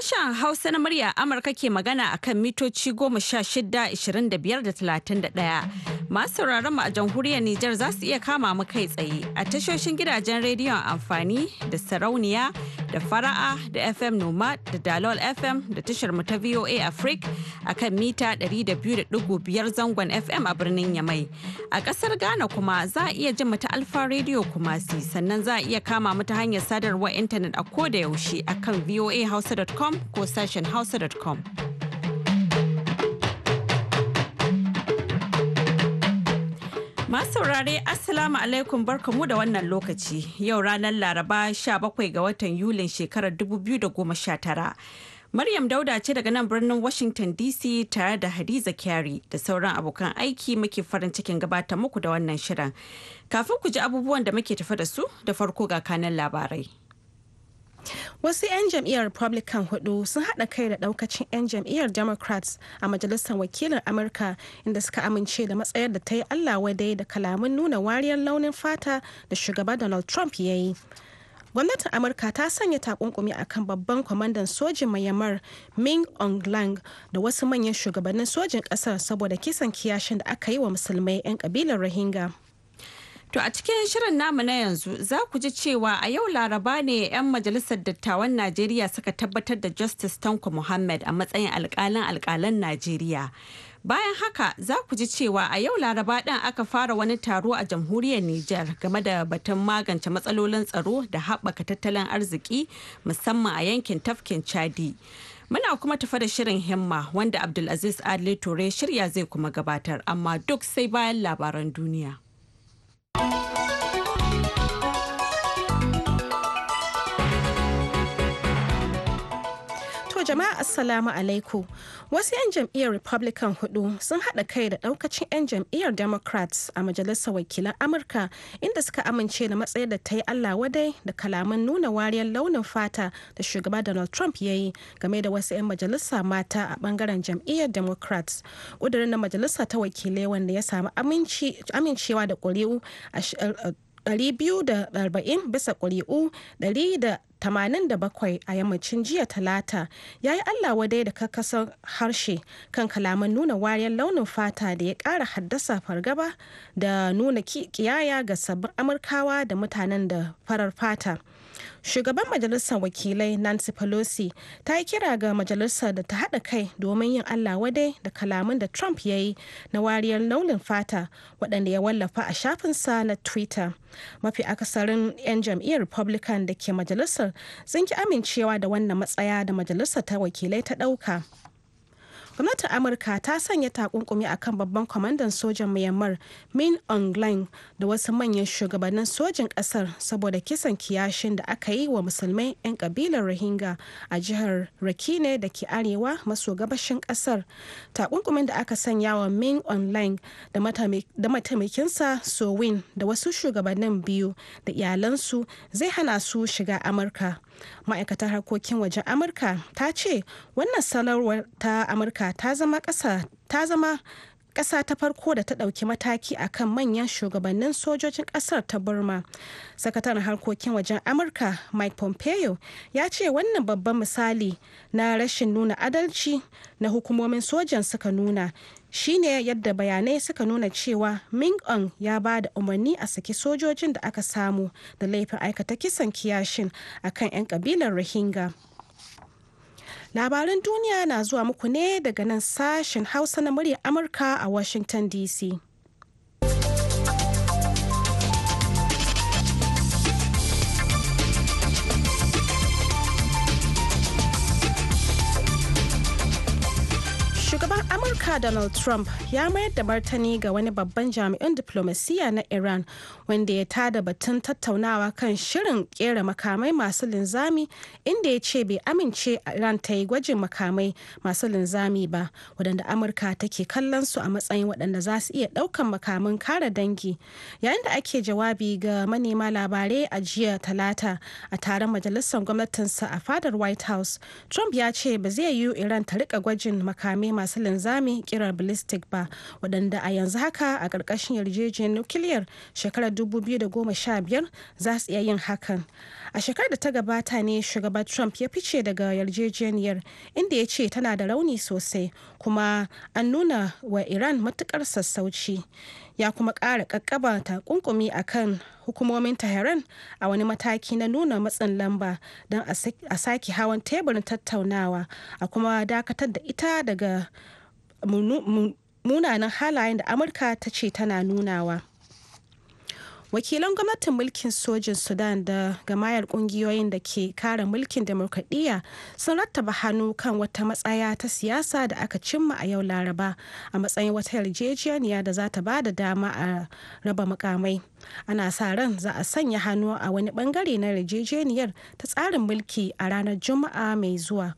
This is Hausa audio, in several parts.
Sashen Hausa na murya Amurka ke magana a kan mitoci 16, 25 da daya. Masu sauraron mu a jamhuriyar Nijar za su iya kama mu kai tsaye a tashoshin gidajen rediyon amfani da sarauniya da fara'a da FM Noma da Dalol FM da tashar mu ta VOA Africa a kan mita 200.5 zangon FM a birnin Yamai. A kasar Ghana kuma za a iya jin mu ta Alfa Radio Kumasi sannan za a iya kama mu ta hanyar sadarwar intanet a koda yaushe a kan voahausa.com ko sashen hausa.com. Masu saurare Assalamu alaikum barkamu da wannan lokaci yau ranar Laraba 17 ga watan Yulin shekarar 2019. Maryam Dauda ce daga nan birnin Washington DC tare da Hadiza Kyari da sauran abokan aiki muke farin cikin gabatar muku da wannan shirin. Kafin ku ji abubuwan da muke tafa da su da farko ga kanan labarai. wasu 'yan jam'iyyar republican hudu sun hada kai da daukacin 'yan jam'iyyar democrats a majalisar wakilin amurka inda suka amince da matsayar da ta yi allah wadai da kalamun nuna wariyar launin fata da shugaba donald trump ya yi gwamnatin amurka ta sanya takunkumi a kan babban kwamandan sojin mayamar ming ong lang da wasu manyan shugabannin sojin kasar saboda kisan kiyashin da aka yi wa musulmai 'yan kabilar rohingya To a cikin shirin namu na yanzu za ku ji cewa a yau laraba ne 'yan majalisar dattawan Najeriya suka tabbatar da Justice Tanko Muhammad a matsayin alkalin alkalan Najeriya. Bayan haka za ku ji cewa a yau laraba ɗin aka fara wani taro a jamhuriyar Nijar game da batun magance matsalolin tsaro da haɓaka tattalin arziki musamman a yankin tafkin Chadi. Muna kuma tafa da shirin himma wanda Abdulaziz Adli Ture shirya zai kuma gabatar amma duk sai bayan labaran duniya. you To jama'a assalamu alaikum. Wasu 'yan jam'iyyar Republican hudu sun haɗa kai da ɗaukacin 'yan jam'iyyar Democrats a Majalisar Wakilan Amurka inda suka amince da matsayar da ta yi Allah wadai da kalaman nuna wariyar launin fata da shugaba Donald Trump ya yi game da wasu 'yan majalisa mata a bangaren jam'iyyar Democrats. Ƙudurin na majalisa ta wakilai wanda ya samu amincewa da ƙuri'u 240 bisa ƙuri'u 187 a yammacin jiya talata ya yi allah wadai da kakasar harshe kan kalaman nuna wariyar launin fata da ya ƙara haddasa fargaba da nuna kiyaya ga sabbin amurkawa da mutanen da farar fata shugaban majalisar wakilai nancy pelosi ta yi kira ga majalisar da ta haɗa kai domin yin allah wadai da kalaman da trump ya yi na wariyar launin fata waɗanda ya wallafa a shafinsa na twitter mafi akasarin 'yan jam'iyyar republican da ke majalisar sun ki amincewa da wannan matsaya da majalisar ta wakilai ta ɗauka. gwamnatin amurka ta sanya takunkumi a kan babban kwamandan sojan myanmar min online da wasu manyan shugabannin sojin kasar saboda kisan kiyashin da aka yi wa musulmai 'yan kabilar rohingya a jihar rakine da ke arewa maso gabashin kasar takunkumin da aka sanya wa min online da mataimakinsa sowin da wasu shugabannin biyu da iyalansu zai hana su shiga amurka ma'aikatar harkokin wajen amurka ta ce wannan sanarwar ta amurka ta zama ƙasa ta farko da ta ɗauki mataki a kan manyan shugabannin sojojin ƙasar ta burma sakataren harkokin wajen amurka mike pompeo ya ce wannan babban misali na rashin nuna adalci na hukumomin sojan suka nuna shine yadda bayanai suka nuna cewa ming ya ba da umarni a saki sojojin da aka samu da laifin aikata kisan kiyashin akan 'yan kabilar rohingya labaran duniya na zuwa muku ne daga nan sashen hausa na murya amurka a washington dc Amurka Donald Trump ya mayar da martani ga wani babban jami'in diplomasiya na Iran wanda ya tada batun tattaunawa kan shirin kera makamai masu linzami inda ya ce bai amince Iran ta yi gwajin makamai masu linzami ba waɗanda Amurka take kallon su a matsayin waɗanda za su iya ɗaukan makaman kare dangi. Yayin da ake jawabi ga manema labarai a jiya talata a taron majalisar gwamnatinsa a fadar White House, Trump ya ce ba zai yiwu Iran ta riƙa gwajin makamai masu linzami kirar ballistic ba waɗanda a yanzu haka a ƙarƙashin yarjejeniyar nukiliyar shekarar 2015 za su iya yin hakan a shekarar da ta gabata ne shugaba trump ya fice daga yarjejeniyar inda ya ce tana da rauni sosai kuma an nuna wa iran matukar sassauci ya kuma ƙara ƙaƙƙaba ƙunƙumi a kan hukumomin tehran a wani mataki na nuna matsin lamba don a sake hawan teburin tattaunawa a kuma dakatar da ita daga munanan halayen da amurka ta ce tana nunawa wakilan gwamnatin mulkin sojin sudan da gamayar kungiyoyin da ke kare mulkin demokradiyya sun rattaba hannu kan wata matsaya ta siyasa da aka cimma a yau laraba a matsayin wata yarjejeniya da za ta ba da dama a raba mukamai ana sa ran za a sanya hannu a wani bangare na yarjejeniyar ta tsarin mulki a ranar juma'a mai zuwa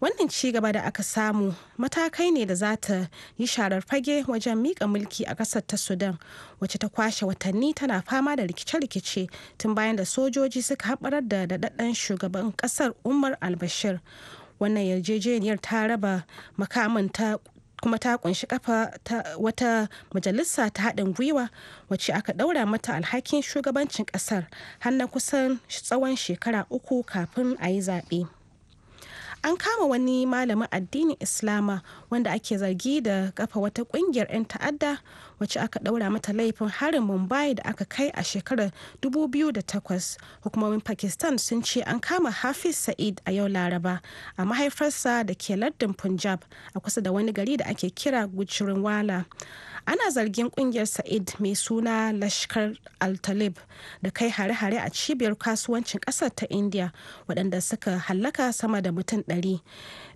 wannan ci gaba da aka samu matakai ne da za ta yi sharar fage wajen mika mulki a ƙasar ta sudan wacce ta kwashe watanni tana fama da rikice-rikice tun bayan da sojoji suka haɓarar da daɗaɗɗen shugaban ƙasar umar albashir wannan yarjejeniyar ta raba makamin ta kuma ta kunshi kafa wata majalisa ta haɗin gwiwa wacce aka ɗaura mata alhakin shugabancin ƙasar har na kusan tsawon shekara uku kafin a yi zaɓe. an kama wani malamin addinin islama wanda ake zargi da kafa wata kungiyar 'yan ta'adda wacce aka ɗaura mata laifin harin mumbai da aka kai a shekarar 2008 hukumomin pakistan sun ce an kama hafiz sa'id a yau laraba a mahaifarsa da ke lardin punjab a kusa da wani gari da ake kira gujirinwala ana zargin kungiyar sa'id mai suna lashkar al-talib da kai hare-hare a cibiyar kasuwancin kasar ta india waɗanda suka hallaka sama da mutum 100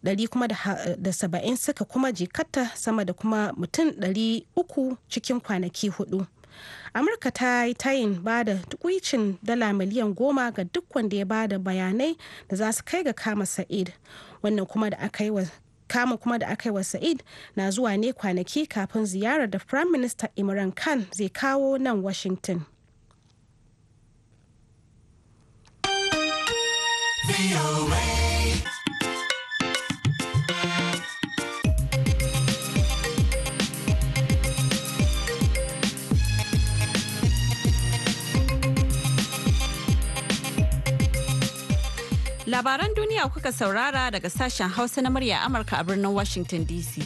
ɗari kuma da saba'in suka kuma jikata sama da kuma mutum ɗari uku cikin kwanaki hudu amurka ta yi tayin ba da tukwicin dala miliyan goma ga duk wanda ya ba da bayanai da za su kai ga kama sa'id wannan kuma da aka yi wa kama kuma da aka yi wa sa'id na zuwa ne kwanaki kafin ziyarar da prime minister imran khan zai kawo nan washington VOA. Labaran duniya kuka saurara daga sashen Hausa na murya Amurka a birnin Washington DC.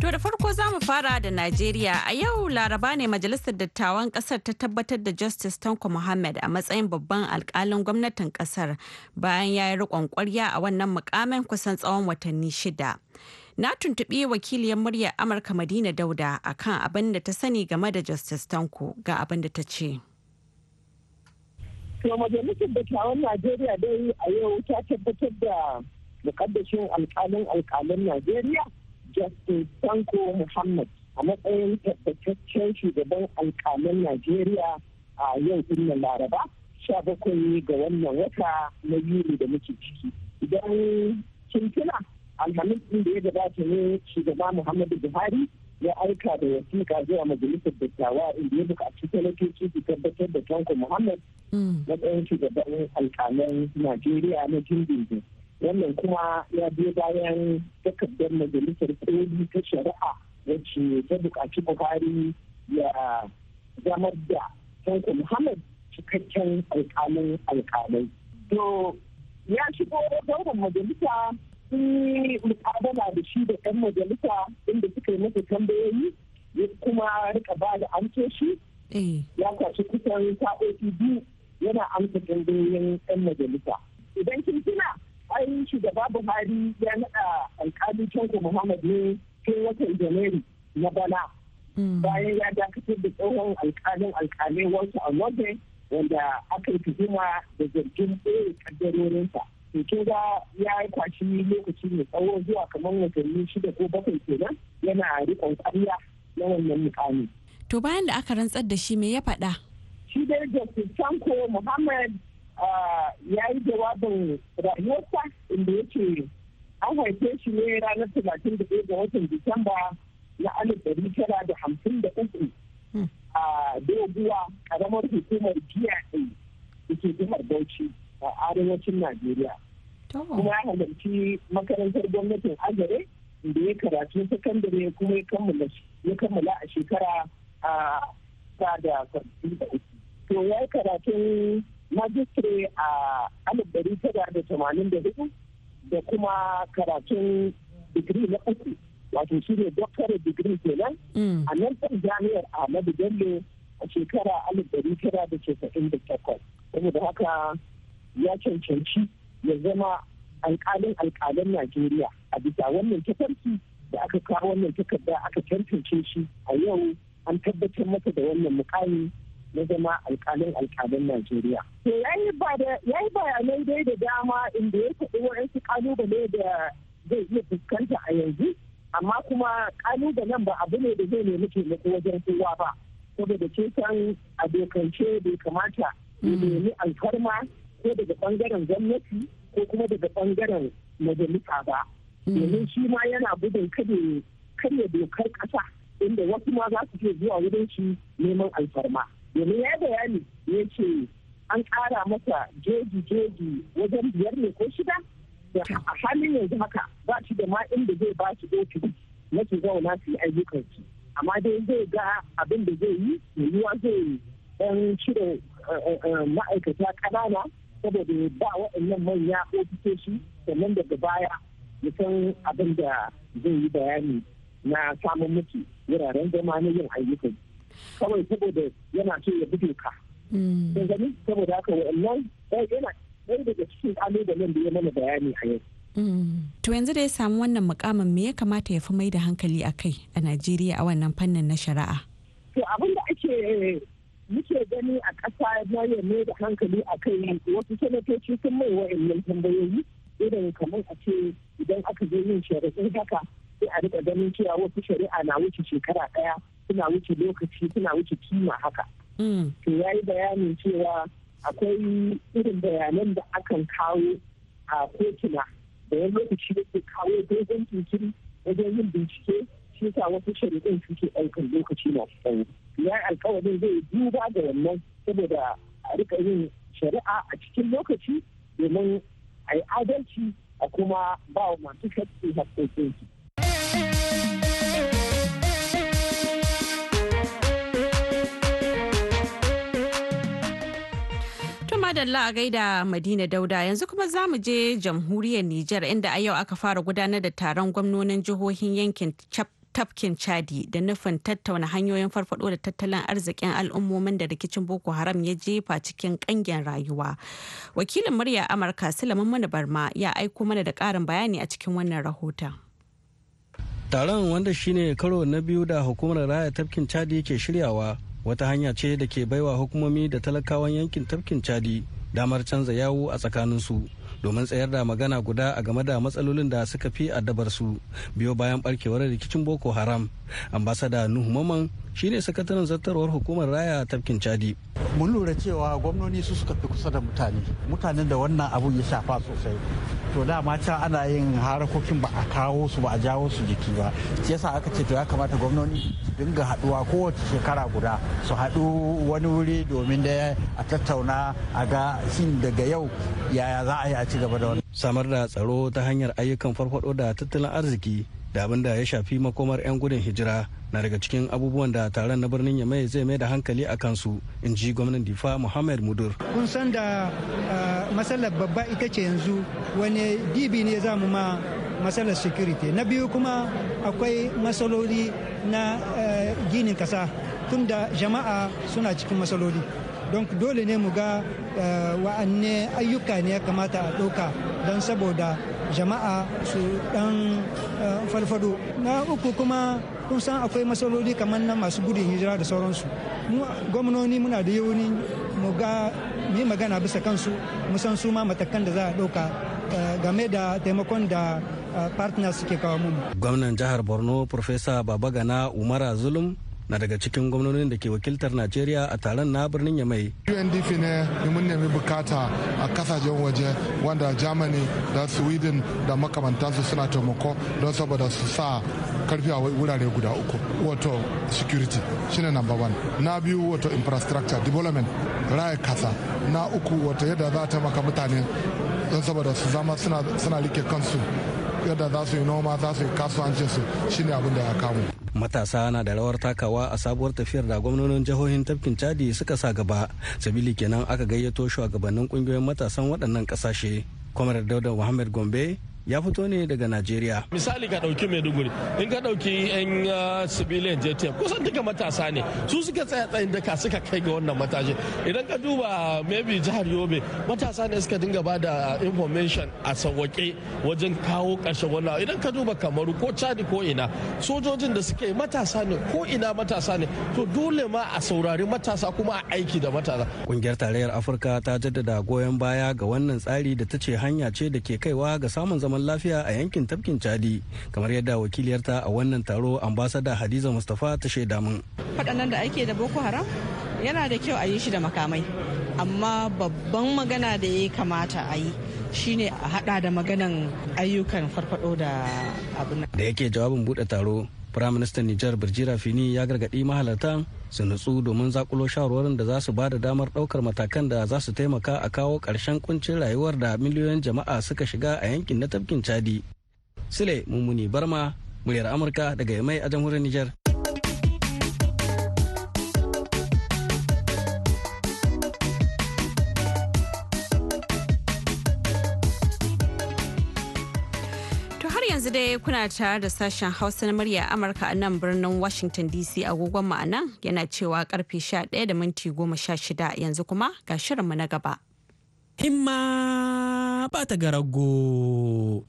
To da farko za mu fara da Najeriya a yau laraba ne majalisar dattawan kasar ta tabbatar da Justice Tanko Muhammad a matsayin babban alkalin gwamnatin kasar bayan ya yi riƙon ƙwarya a wannan mukamin kusan tsawon watanni shida. na tuntuɓi wakiliyar muryar amurka madina dauda akan abin da ta sani game da justice tanko ga abin da ta ce to majalisar dattawan najeriya dai a yau ta tabbatar da mukaddashin alkalin alkalin najeriya justice tanko muhammad a matsayin tabbataccen shugaban alkalin najeriya a yau din laraba sha bakwai ga wannan wata na yuli da muke ciki idan kin tuna alhamis ɗin da ya gabata ne shugaba muhammadu buhari ya aika da wasiƙa zuwa majalisar dattawa inda ya buƙaci talatoci su tabbatar da tanko muhammad Na mm. matsayin shugaban alƙalan najeriya na jirgin wannan kuma ya biyo bayan takardar majalisar koli ta shari'a wacce ta buƙaci buhari ya zamar da tanko muhammad cikakken alƙalin alƙalai to ya shigo wurin majalisa sun mukabala da shi da ɗan majalisa inda suka yi masa tambayoyi ya kuma rika ba da amsoshi eh. ya kwashi kusan sa'o'i biyu yana amsa tambayoyin ɗan majalisa idan kin tuna ai Babu Hari ya naɗa alƙalin tanko muhammad ne cikin watan janairu na bana hmm. bayan ya dakatar da tsohon alƙalin alƙalai wasu a wanda aka yi tuhuma da zargin ɓoye ƙaddarorinsa to ga ya yi kwashi lokaci mai tsawo zuwa kamar watanni shida ko bakwai kenan yana rikon ƙarya na wannan mukami. To bayan da aka rantsar da shi me ya faɗa? Shi dai Justice Sanko Muhammad ah, ya yi jawabin rayuwarsa inda ya ce an haife shi ne ranar talatin da ɗaya ga watan Disamba na alif ɗari tara da hamsin da uku hmm. a doguwa ƙaramar hukumar GIA da ke jihar Bauchi a arewacin Najeriya. Oh. kuma ya halarci makarantar gwamnatin azare da ya karatu sakandare kuma ya kammala a shekara a ta da karfi da uku to ya yi karatun majistare a alif dari tara da tamanin da hudu da kuma karatun digiri na uku wato shi ne doctorate digiri kenan mm. a nan ta jami'ar ahmadu bello a shekara alif dari tara da casa'in da takwas saboda haka ya cancanci ya zama alƙalin alƙalin najeriya a bisa wannan tafarki da aka kawo wannan takarda aka tantance shi a yau an tabbatar masa da wannan mukami na zama alkalin alkalin Najeriya. To ya yi bayanai dai da dama inda ya faɗi waɗansu ƙalubale da zai iya fuskanta a yanzu, amma kuma ƙalubalen ba abu ne da zai nemi taimako wajen kowa ba. Saboda ce san a dokance bai kamata ya nemi alfarma ko daga bangaren gwamnati ko kuma daga bangaren majalisa ba hmm. domin shi ma yana gudun kada karya dokar kasa inda wasu ma za su ke zuwa wurin shi neman alfarma domin ya bayani ya ce an ƙara masa jeji jeji wajen biyar ne ko shida da hmm. a halin yanzu haka ba shi da ma inda zai ba shi ofis na su zauna su yi shi amma dai zai ga abin da zai yi yiwuwa zai dan cire eh, eh, eh, ma'aikata ƙanana saboda ya ba waɗannan manya ofisoshi sannan daga baya ya san abin da zai yi bayani na samun miki wuraren zama na yin ayyukan kawai saboda yana ce ya bude ka. Mm. gani saboda haka waɗannan yana ɗaya daga cikin ƙalubalen da ya mana bayani a yau. Mm. To yanzu da ya samu wannan mukamin me ya kamata ya fi mai da hankali a kai a Najeriya a wannan fannin na shari'a? To abin da ake muke gani a ƙasa na ya mai da hankali a kai wasu sanatoci sun mai wa'annan tambayoyi irin kamar a ce idan aka je yin shari'in haka sai a rika ganin cewa wasu shari'a na wuce shekara ɗaya suna wuce lokaci suna wuce kima haka. Mm. To ya yi bayanin cewa akwai irin bayanan da akan kawo a kotuna da wani lokaci da ke kawo dogon jinkiri wajen yin bincike shi sa wasu shari'in suke ɗaukar lokaci masu tsawo ya alkawarin zai duba da wannan saboda a rika yin shari'a a cikin lokaci domin a yi adalci a kuma ba wa masu shakki haƙƙoƙinsu. madalla a gaida madina dauda yanzu kuma za mu je jamhuriyar nijar inda a yau aka fara gudanar da taron gwamnonin jihohin yankin tafkin chadi da nufin tattauna hanyoyin farfado da tattalin arzikin al'ummomin da rikicin boko haram ya jefa cikin kangen rayuwa wakilin murya amurka sulaiman mana barma ya aiko mana da karin bayani a cikin wannan rahoton taron wanda shine karo na biyu da hukumar raya tafkin chadi ke shiryawa wata hanya ce da ke baiwa hukumomi da talakawan yankin tafkin chadi damar canza yawo a tsakaninsu. su domin tsayar da magana guda a game da matsalolin da suka fi addabar su biyo bayan barkewar rikicin boko haram ambasada nuhu maman shine sakataren zartarwar hukumar raya tafkin chadi mun lura cewa gwamnoni su suka fi kusa da mutane mutanen da wannan abu ya shafa sosai to dama can ana yin harakokin ba a kawo su ba a jawo su jiki ba shi yasa aka ce to ya kamata gwamnoni su dinga haduwa kowace shekara guda su haɗu wani wuri domin da a tattauna a ga shin daga yau yaya za a yi a ci gaba da wani samar da tsaro ta hanyar ayyukan farfado da tattalin arziki da abin da ya shafi makomar 'yan gudun hijira na daga cikin abubuwan da taron na birnin yamai zai mai da hankali a kansu in ji gwamnan difa muhammad mudur kun san da matsalar babba ita ce yanzu wani dibi ne za mu ma matsalar security na biyu kuma akwai matsaloli na ginin kasa tun da jama'a suna cikin matsaloli don dole ne mu ga wa'anne ayyuka ne ya kamata a ɗauka don saboda jama'a su ɗan falfado na uku kuma kun san akwai matsaloli kamar na masu gudun hijira da sauransu mu gwamnoni muna da yauni mu ga mu magana bisa kansu mu san su ma matakan da za a ɗauka eh, game da taimakon da eh, partners suke kawo mu gwamnan jihar borno professor babagana umara zulum na daga cikin gwamnonin da ke wakiltar najeriya a taron na birnin yamai undp ne mun nemi bukata a kasashen waje wanda germany da sweden da makamantansu suna taimako don saboda su sa karfi a wurare guda uku wato security shine number one na biyu wato infrastructure development raya kasa na uku wato yadda za ta maka mutane don saboda su zama suna rike kansu yadda za su yi noma za su yi kasuwancinsu shine abin da ya kamu matasa na da rawar takawa a sabuwar tafiyar da gwamnonin jihohin tafkin chadi suka sa gaba sabili kenan aka gayyato shugabannin kungiyoyin matasan waɗannan ƙasashe kwamar dauda muhammad gombe ya fito ne daga Najeriya. Misali ka ɗauki Maiduguri, in ka ɗauki 'yan civilian ah, JTF kusan duka matasa ne su suka tsaya tsayin daka suka kai ga wannan matashi. Idan ka duba maybe jihar Yobe matasa ne suka dinga ba da information a sawwake wajen kawo ƙarshen wannan idan ka duba Kamaru ko Chadi ko ina sojojin da suke matasa ne ko ina matasa ne to dole ma a saurari matasa kuma a aiki da matasa. Kungiyar tarayyar Afirka ta jaddada goyon baya ga wannan tsari da ta ce hanya ce da ke kaiwa ga samun zaman zaman lafiya a yankin tafkin Chadi kamar yadda wakiliyarta a wannan taro ambasada Hadiza Mustapha ta shaida min. Faɗannan da ake da Boko Haram yana da kyau a yi shi da makamai amma babban magana da ya kamata a yi shine a hada da maganan ayyukan farfado da abin da yake jawabin bude taro firaministan nijar birjira fini ya gargaɗi mahalartan su nutsu domin zakulo shawarwarin da za su ba da damar ɗaukar matakan da za su taimaka a kawo ƙarshen kuncin rayuwar da miliyoyin jama'a suka shiga a yankin na tafkin chadi sile mummuni barma muryar amurka daga yamai a jamhuriyar nijar dai kuna tare da sashen Hausa na murya Amurka a nan birnin Washington DC agogon ma'ana yana cewa karfe 11 da minti 16 yanzu kuma ga shirinmu na gaba. Himma ba ta garago.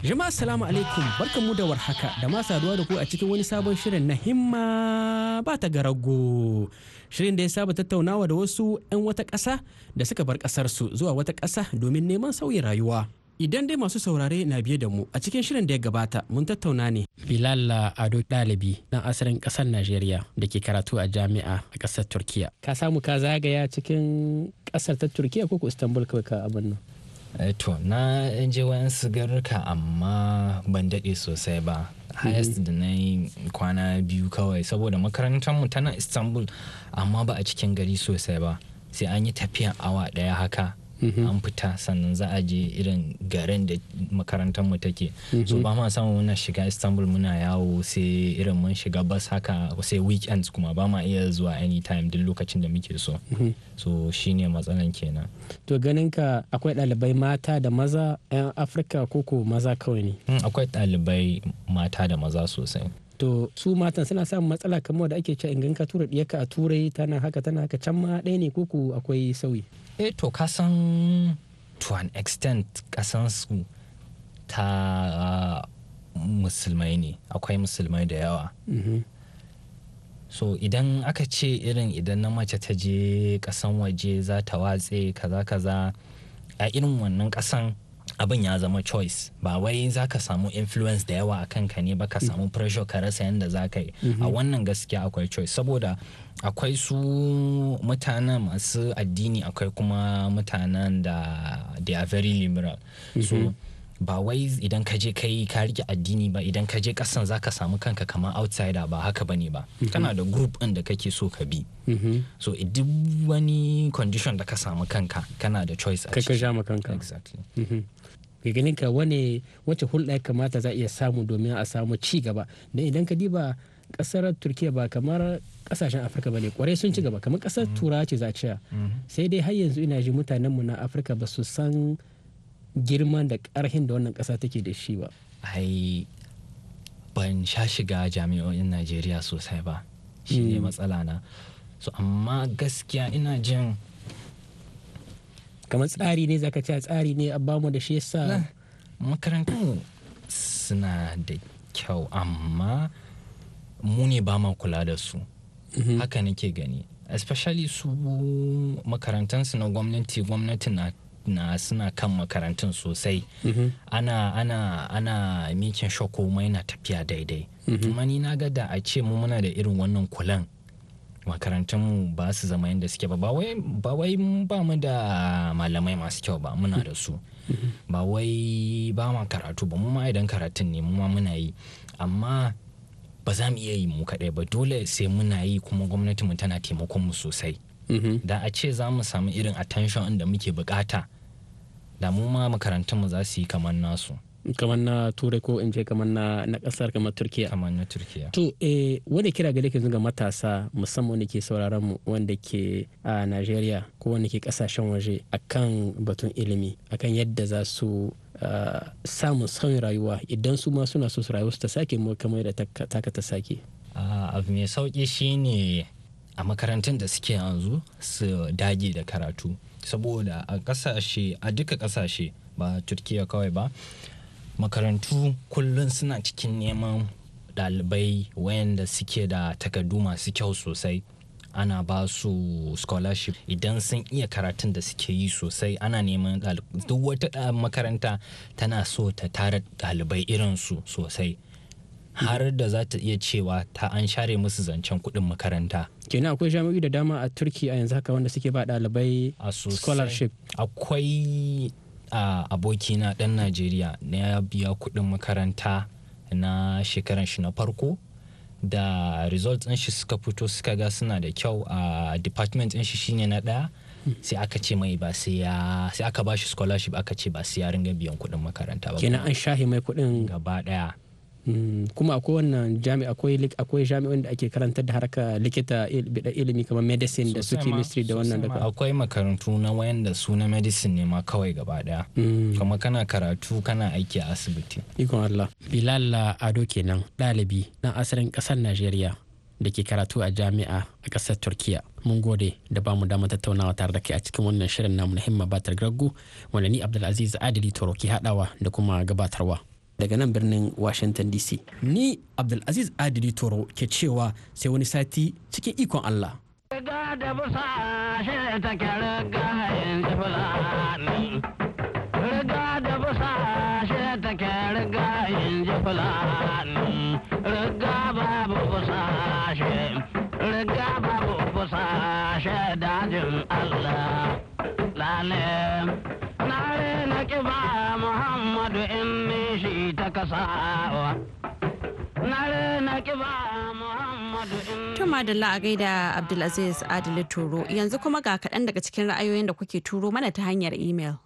Jama'a salamu alaikum mu da warhaka da ma saduwa da ku a cikin wani sabon shirin na himma ba ta garago. Shirin da ya saba tattaunawa da wasu 'yan wata kasa da suka bar ƙasarsu zuwa wata kasa domin neman sauyin rayuwa. Idan dai masu saurare na biye da mu a cikin shirin da ya gabata mun tattauna ne. Bilal Ado ɗalibi ɗan asalin kasar Najeriya da ke karatu a jami'a a ƙasar Turkiya. Ka samu ka zagaya cikin ƙasar ta Turkiya ko Istanbul kawai ka abin nan? Eh, to na je wayansu garuka amma ban daɗe sosai ba highest mhm. da na yi kwana biyu kawai saboda makarantar mu tana istanbul amma ba a cikin gari sosai ba sai an yi tafiya awa ɗaya haka Mm-hmm. an fita sannan za a je irin garin da makarantar mu take so mm-hmm. ba ma samu muna shiga istanbul muna yawo sai irin mun shiga bas haka sai weekends kuma ba ma iya zuwa anytime duk lokacin da muke so mm-hmm. so shine matsalan kenan to ganin ka akwai ɗalibai mata da maza 'yan afirka koko maza kawai ne mm, akwai ɗalibai mata da maza sosai to su matan suna samun matsala kamar da ake cewa in ka tura diyarka a turai tana haka tana haka can ma ɗaya ne koko akwai sauyi eh to ka san to an extent kasan su ta ah, musulmai ne akwai musulmai da yawa mm-hmm. so idan aka ce irin idan na mace ta je kasan waje za ta watse kaza kaza a irin wannan kasan abin ya zama choice ba wai za ka samu influence da yawa a kanka ne ba ka mm-hmm. samu pressure ka rasa yadda za ka yi a mm-hmm. wannan gaskiya akwai choice saboda akwai su mutanen masu addini akwai kuma mutanen da they are very liberal mm-hmm. so ba wai idan ka je kai ka rike addini ba idan ka je kasan za ka samu kanka kamar outsider ba haka bane ba kana da group ɗin da kake so ka bi so duk wani condition da ka samu kanka kana da choice a ciki kanka exactly makanka exactly. ka ganin ka wane wacce hulɗa ya kamata za iya samu domin a samu ci gaba don idan ka diba kasar turkiya ba kamar kasashen afirka ba ne kwarai sun ci gaba kamar kasar mm-hmm. turawa ce za a mm-hmm. sai dai har yanzu ina ji mutanen mu na afirka ba su san girman da karhin da wannan kasa take da shi ba ai ban sha shiga jami'o'in najeriya sosai ba shi ne mm. matsala na so amma gaskiya ina jin kamar tsari ne zaka ce tsari ne a mu da shi yasa makarantar suna da kyau amma mu ne ba ma kula da su mhm. haka nake gani especially su su na gwamnati gwamnati na na suna kan makarantun sosai mhm. ana ana ana mikin shakomai na tafiya daidai mhm. kuma ni na ga da a ce mu muna da irin wannan kulan makarantunmu ba su zama yadda suke ba ba wai ba mu da malamai masu kyau ba muna da su ba wai ba ma karatu ba mu ma idan karatun ne mu ma muna yi amma ba za mu iya yi mu kaɗai ba dole sai muna yi kuma gwamnati mu tana taimakon mu sosai mm-hmm. da a ce za mu samu irin attention inda muke bukata da mu ma makarantun mu za su yi kamar nasu kamar na turai ko in je kamar na kasar kamar turkiya kamar na turkiya to eh wanda kira gare ke ga matasa musamman wanda ke sauraron mu wanda ke a nigeria ko wanda ke kasashen waje akan batun ilimi akan yadda za su samun sauyin rayuwa idan su ma suna so su rayuwa su ta sake mu kamar da taka ta sake abu mai sauki shine a makarantun da suke yanzu su dage da karatu saboda a kasashe a duka kasashe ba turkiya kawai ba makarantu kullum suna cikin neman dalibai wayanda suke da takardu masu kyau sosai ana ba su scholarship idan sun iya karatun da suke yi sosai ana neman duk wata makaranta tana so ta tara dalibai irinsu sosai har da za ta iya cewa ta an share musu zancen kuɗin makaranta. kenan akwai jami'o'i da dama a turki a yanzu haka wanda suke ba dalibai scholarship akwai abokina ɗan najeriya ya biya kuɗin makaranta na shekaran shi na farko da results ɗin shi suka fito suka ga suna da kyau a department ɗin shi shine na ɗaya sai aka ce mai ba sai ya sai aka scholarship aka ce ba sai ya ringa biyan kuɗin makaranta ba kenan an shahi mai kuɗin gaba ɗaya Mm, kuma akwai wannan jami akwai akwai da ake karantar da harka likita ilimi kamar medicine da suke ministry da wannan daga akwai makarantu na wayanda su na medicine ne ma kawai gaba daya mm. kuma kana karatu kana aiki a asibiti ikon Allah Bilal Ado kenan ɗalibi na asalin ƙasar Najeriya da ke karatu a jami'a a ƙasar turkiya mun gode da bamu damar tattaunawa tare da kai a cikin wannan shirin namu na himma batar gaggu wanda ni abdulaziz adili toro ke haɗawa da kuma gabatarwa daga nan birnin washington dc ni abdulaziz adili toro ke cewa sai wani sati cikin ikon allah Riga da busa shi take riga yin Riga da busa shi take riga yin madalla a gaida Abdulaziz Adili Turo yanzu kuma ga kaɗan daga cikin ra'ayoyin da kuke turo mana ta hanyar imel.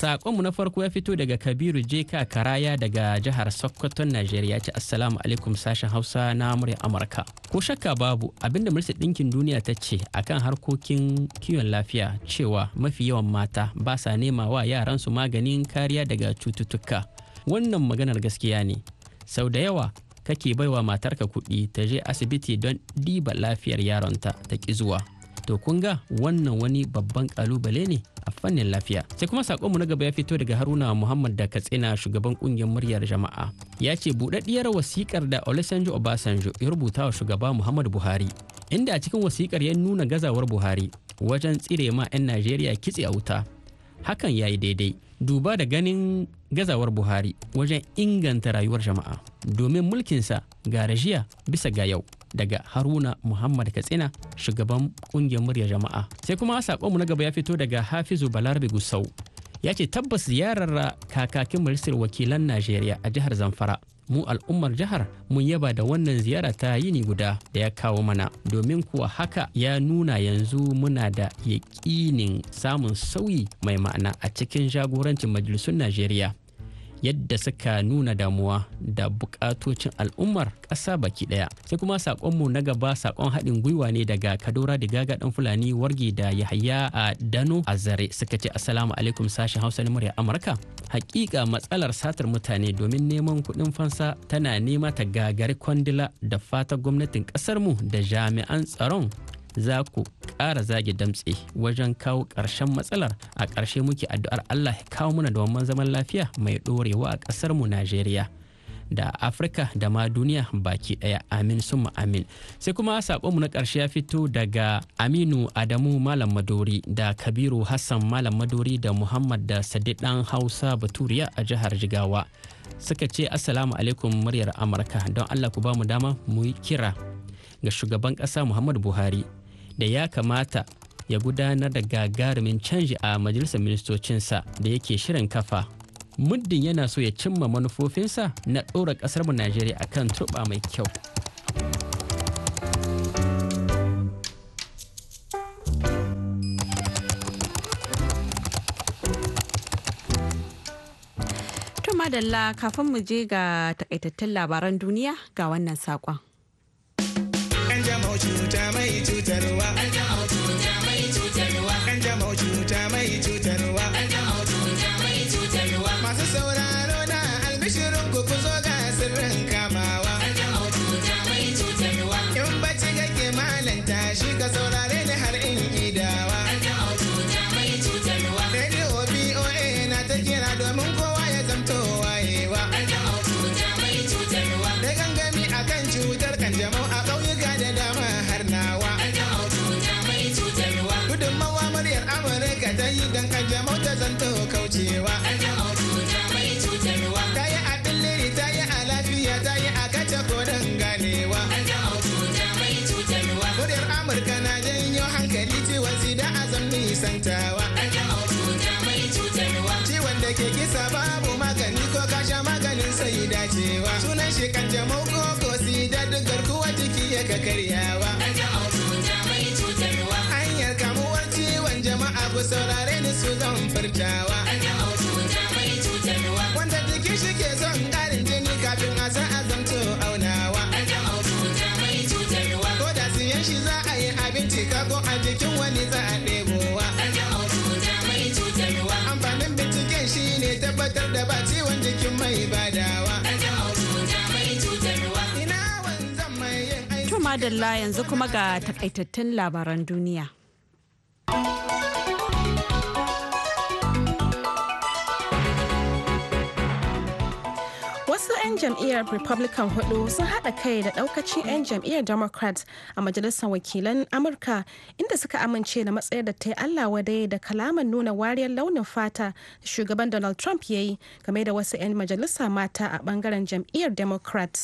Sakonmu na farko ya fito daga Kabiru Jeka Karaya daga jihar Sokoto, Najeriya ce Assalamu alaikum sashen Hausa na murya Amurka. Ko shakka babu abinda Majalisar Ɗinkin Duniya ta ce a kan harkokin kiwon lafiya cewa mafi yawan mata ba sa nema wa yaransu maganin kariya daga cututtuka. Wannan maganar gaskiya ne. Sau da yawa kake baiwa matarka kuɗi ta je asibiti don diba lafiyar yaronta ta ki zuwa. To kun ga wannan wani babban ƙalubale ne a fannin lafiya sai kuma sakonmu na gaba ya fito daga haruna muhammad da katsina shugaban kungiyar muryar jama'a ya ce buɗaɗɗiyar wasikar da olusanjo obasanjo ya rubuta wa shugaba muhammadu buhari inda a cikin wasikar ya nuna gazawar buhari wajen tsire ma 'yan najeriya kitse a wuta hakan ya yi daidai duba da ganin gazawar buhari wajen inganta rayuwar jama'a domin mulkinsa ga rajiya bisa ga yau daga haruna muhammad katsina shugaban kungiyar muryar jama'a sai kuma mu na gaba ya fito daga hafizu balarabe gusau ya ce tabbas ziyarar kakakin majalisar wakilan najeriya a jihar zamfara mu al'ummar jihar mun yaba da wannan ziyara ta yini guda da ya kawo mana domin kuwa haka ya nuna yanzu muna da yaƙinin samun sauyi mai ma'ana a cikin jagorancin majalisun najeriya yadda suka nuna damuwa da bukatocin al'ummar ƙasa baki ɗaya sai kuma saƙonmu na gaba saƙon haɗin gwiwa ne daga kadora da gaga ɗan fulani warge da yahaya a dano a zare suka ce assalamu alaikum sashen hausa na murya amurka hakika matsalar satar mutane domin neman kuɗin fansa tana nema ta gagari kwandila da fata gwamnatin ƙasarmu da jami'an tsaron za ku ƙara zage damtse wajen kawo ƙarshen matsalar a ƙarshe muke addu'ar Allah ya kawo mana wannan zaman lafiya mai ɗorewa a ƙasar mu Najeriya da Afirka da ma duniya baki ɗaya amin summa amin sai kuma saƙonmu na ƙarshe ya fito daga Aminu Adamu Malam Madori da Kabiru Hassan Malam Madori da Muhammad da Sadiq ɗan Hausa Baturiya a jihar Jigawa suka ce assalamu alaikum muryar Amurka don Allah ku ba mu dama mu kira ga shugaban ƙasa Muhammadu Buhari da ya kamata ya gudanar da gagarumin canji a majalisar ministocinsa da yake shirin kafa muddin yana so ya cimma manufofinsa na ɗora ƙasar mu najeriya kan turɓa mai kyau madalla kafin mu je ga takaitattun labaran duniya ga wannan saƙon. Kanjamau cuta mai cutarwa. Kanjamau cuta mai cutarwa. Kanjamau cuta mai cutarwa. kanjamau ko kosi da duk garkuwa jiki ya ka karyawa. Hanyar kamuwar ciwon jama'a ku saurare ni su zan furtawa. Wanda jiki shi ke son ƙarin jini kafin a san azamto aunawa. Ko da siyan shi za a yi abinci ko a jikin wani za a ɗebowa. Amfanin binciken shi ne tabbatar da ba ciwon jikin mai badawa. madalla yanzu kuma ga takaitattun labaran duniya. Wasu 'yan jam'iyyar Republican hudu sun haɗa kai da ɗaukacin 'yan jam'iyyar Democrat a Majalisar Wakilan Amurka inda suka amince da matsayar da ta yi Allah wadai da kalaman nuna wariyar launin fata da shugaban Donald Trump ya yi game da wasu 'yan majalisa mata a ɓangaren jam'iyyar Democrat.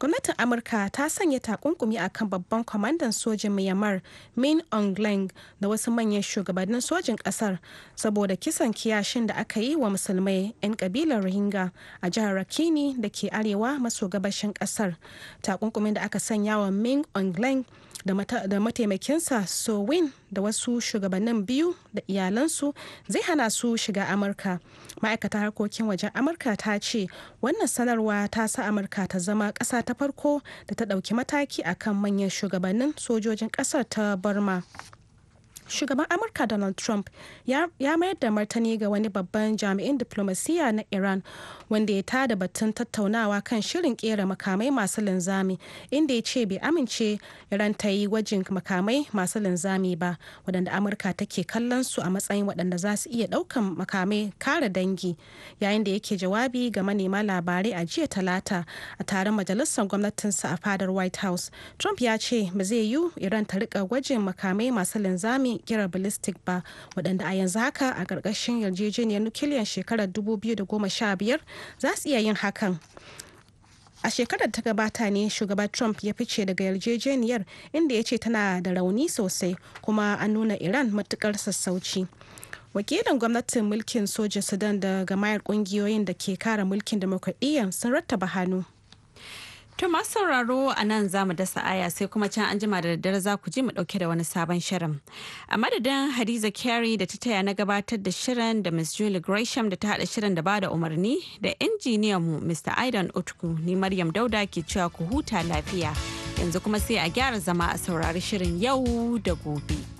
gwamnatin amurka ta sanya takunkumi a kan babban kwamandan sojin myanmar min ong leng da wasu manyan shugabannin sojin kasar saboda kisan kiyashin da aka yi wa musulmai 'yan kabilar rohingya a jihar rakini da ke arewa maso gabashin kasar takunkumin da aka sanya wa min ong leng da mataimakinsa sowin da wasu shugabannin biyu da iyalansu zai hana su shiga amurka ma'aikatar harkokin wajen amurka ta ce wannan sanarwa ta sa amurka ta zama ƙasa ta farko da ta ɗauki mataki akan manyan shugabannin sojojin ƙasar ta burma shugaban amurka donald trump ya mayar da martani ga wani babban jami'in diplomasiya na iran wanda ya tada batun tattaunawa kan shirin kera makamai masu linzami inda ya ce bai amince iran ta yi gwajin makamai masu linzami ba waɗanda amurka take kallon su a matsayin waɗanda za su iya ɗaukan makamai kare dangi yayin da yake jawabi ga manema labarai a jiya talata a taron majalisar gwamnatinsa a fadar white house trump ya ce ba zai yiwu iran ta riƙa gwajin makamai masu linzami kira kirar ballistic ba waɗanda a yanzu haka a ƙarƙashin yarjejeniyar nukiliyar shekarar 2015 za su iya yin hakan a shekarar ta gabata ne shugaba trump ya fice daga yarjejeniyar inda ya ce tana da rauni sosai kuma an nuna iran matukar sassauci wakilin gwamnatin mulkin soja sudan daga mayar kungiyoyin da ke kare mulkin demokradiyya sun rattaba hannu To masu sauraro a nan za mu dasa aya sai kuma can an jima da daddare za ku ji mu dauke da wani sabon shirin. A madadin Hadiza Carey da ta taya na gabatar da shirin da Miss Julie Gresham da ta haɗa shirin da bada umarni da injiniyan mu Mr. Aidan Utku ni Maryam Dauda ke cewa ku huta lafiya. Yanzu kuma sai a gyara zama a saurari shirin yau da gobe.